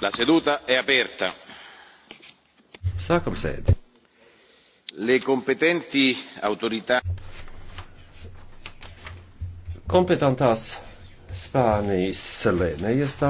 la seduta è aperta sākam sēdi le competenti autorità kompetentās spānijas lēmējiestādes